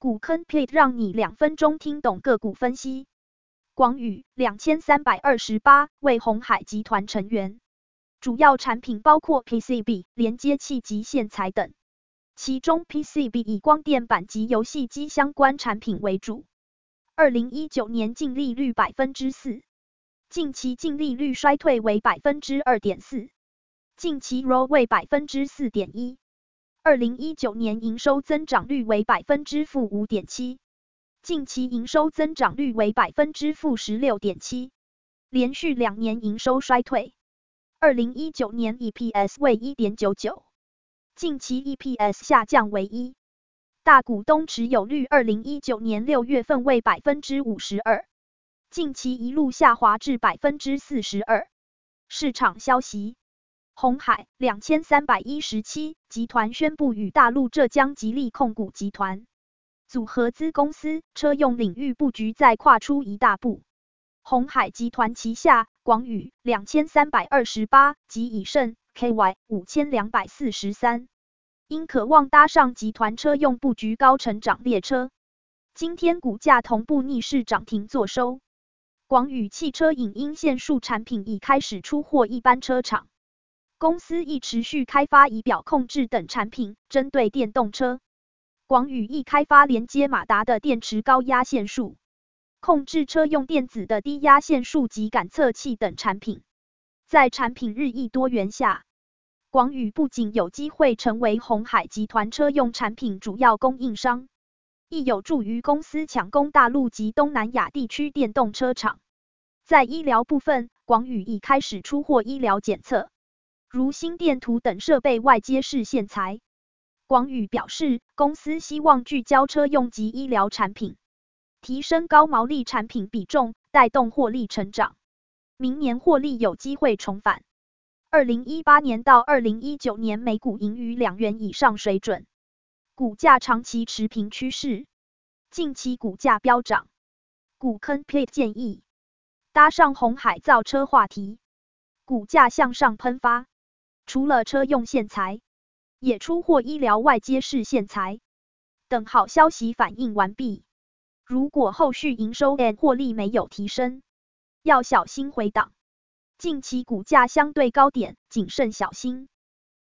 股坑 please 讓你兩分鐘聽懂個股分析。廣宇兩千三百二十八為鴻海集團成員，主要產品包括 PCB 連接器及線材等，其中 PCB 以光電板及遊戲機相關產品為主。二零一九年淨利率百分之四，近期淨利率衰退為百分之二點四，近期 ROE 為百分之四點一。二零一九年營收增長率為百分之負五點七，近期營收增長率為百分之負十六點七，連續兩年營收衰退。二零一九年 EPS 為一點九九，近期 EPS 下降為一。大股東持有率二零一九年六月份為百分之五十二，近期一路下滑至百分之四十二。市場消息。鴻海兩千三百一十七集團宣布與大陸浙江吉利控股集團組合資公司，車用領域布局再跨出一大步。鴻海集團旗下廣宇兩千三百二十八及乙盛 KY 五千兩百四十三，因渴望搭上集團車用布局高成長列車，今天股價同步逆勢漲停坐收。廣宇汽車影音線束產品已開始出貨一般車廠。公司亦持續開發儀表控制等產品，針對電動車，廣宇亦開發連接馬達的電池高壓線束，控制車用電子的低壓線束及感測器等產品。在產品日益多元下，廣宇不僅有機會成為鴻海集團車用產品主要供應商，亦有助於公司搶攻大陸及東南亞地區電動車廠。在醫療部分，廣宇已開始出貨醫療檢測。如心電圖等設備外接式線材，廣宇表示，公司希望聚焦車用及醫療產品，提升高毛利產品比重，帶動獲利成長。明年獲利有機會重返，二零一八年到二零一九年每股盈餘兩元以上水準，股價長期持平趨勢，近期股價飆漲。股坑 pit 建議搭上鴻海造車話題，股價向上噴發。除了車用線材，也出貨醫療外接式線材等好消息反應完畢，如果後續營收 and 獲利沒有提升，要小心回檔。近期股價相對高點，謹慎小心。